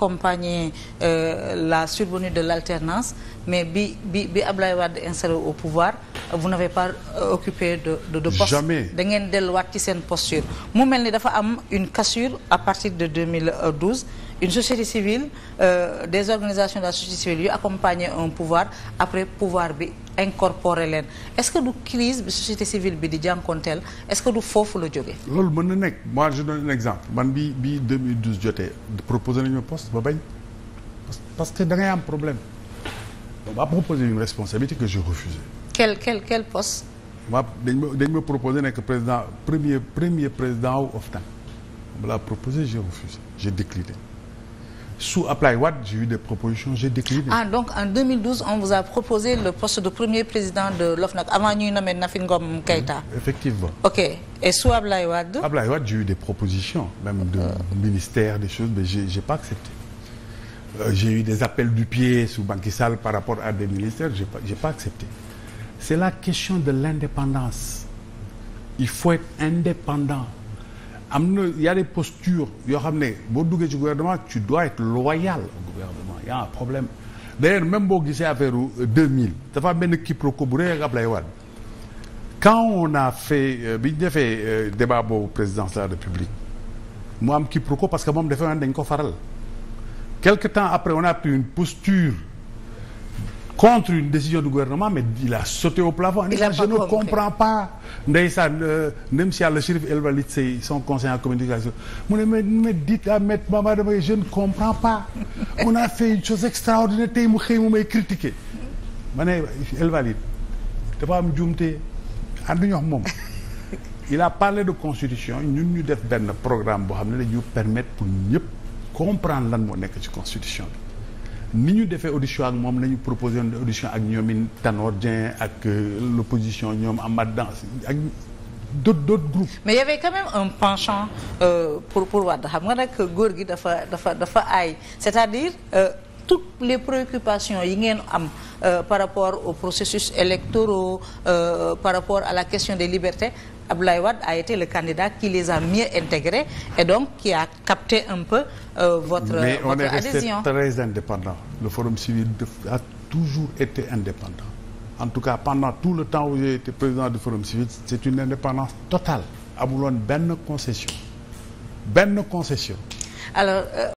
accompagner euh, la survenue de l'alternance mais bi bi bi Abdoulaye Wade installé au pouvoir vous n'avez pas euh, occupé de de, poste jamais da ngeen delluwaat ci seen posture mu mel ni dafa am une cassure à partir de 2012 une société civile euh, des organisations de la société civile yu accompagner un pouvoir après pouvoir bi incorporé leen est-ce que du crise bi société civile bi di jànkonteel est-ce que du foofu la jóge loolu mën na nekk moi je donne exemple man bi bi 2012 jotee proposé nañu poste ba bañ parce que da ngay am problème on m'a proposé une responsabilité que j'ai refusée quel quel quel poste ma dañ ma dañ ma proposé nekk président premier premier président wu OFNAC on me l'a proposé j'ai refusé j'ai sous Ablaye j'ai eu des propositions ah, donc en on vous a proposé le poste de premier président de l'OFNAC avant ñuy nommer Nafi Ngom Keïta. Mm, effectivement ok et sous Ablaye Wade. Ablaye Wade j'ai eu des propositions même de euh... ministère des choses mais j'ai j'ai pas accepté. Euh, j'ai eu des appels du pied sous Macky par rapport à des ministères j'ai j'ai pas accepté. c'est la question de l'indépendance il faut être indépendant. am na y a des yoo xam ne boo duggee ci gouvernement tu dois être loyal au gouvernement un problème d'ailleurs même boo gisee affaire 2000 euh, dafa am benn quiproquo bu rëy ak Ablaye Wade quand on a fait euh, bi ñu defee euh, débat boobu présidence de la République mu am ko parce que moom defe naa dañ ko faral quelque temps après on a pris une posture contre une décision du gouvernement mais il a sauté au plafond il a je ne comprends pas ndeysaan ndem euh, si yàlla Chérif El Walid Sey son conseiller en communication mu ne mais mais dites à maître Bamba Diomaye je ne comprends pas on a fait une chose extraordinaire tey mu xëy mu may critiquer ma ne El Walid dafa am juumte ànduñu wax moom il a parlé de constitution ñun ñu def benn programme boo xam ne dañu permettre pour ñëpp comprendre lan moo nekk ci constitution bi ni ñu defee audition ak moom la ñu proposé woon audition ak ñoom in Tanor Dieng ak euh, l'opposition ñoom am Dansokho ak d'autres groupes. mais il y avait quand même un penchant euh, pour pour Wade xam nga nag góor gi dafa dafa dafa aay c'est-à-dire. Euh, toutes les préoccupations yi ngeen am euh, par rapport au processus électoraux euh, par rapport à la question des libertés Abdoulaye Wade a été le candidat qui les a mieux intégrés et donc qui a capté un peu euh, votre adhésion. très indépendant. Le Forum civil a toujours été indépendant. En tout cas, pendant tout le temps où j'ai été président du Forum civil, c'est une indépendance totale. amuloon benn concession benn concession. Alors, euh...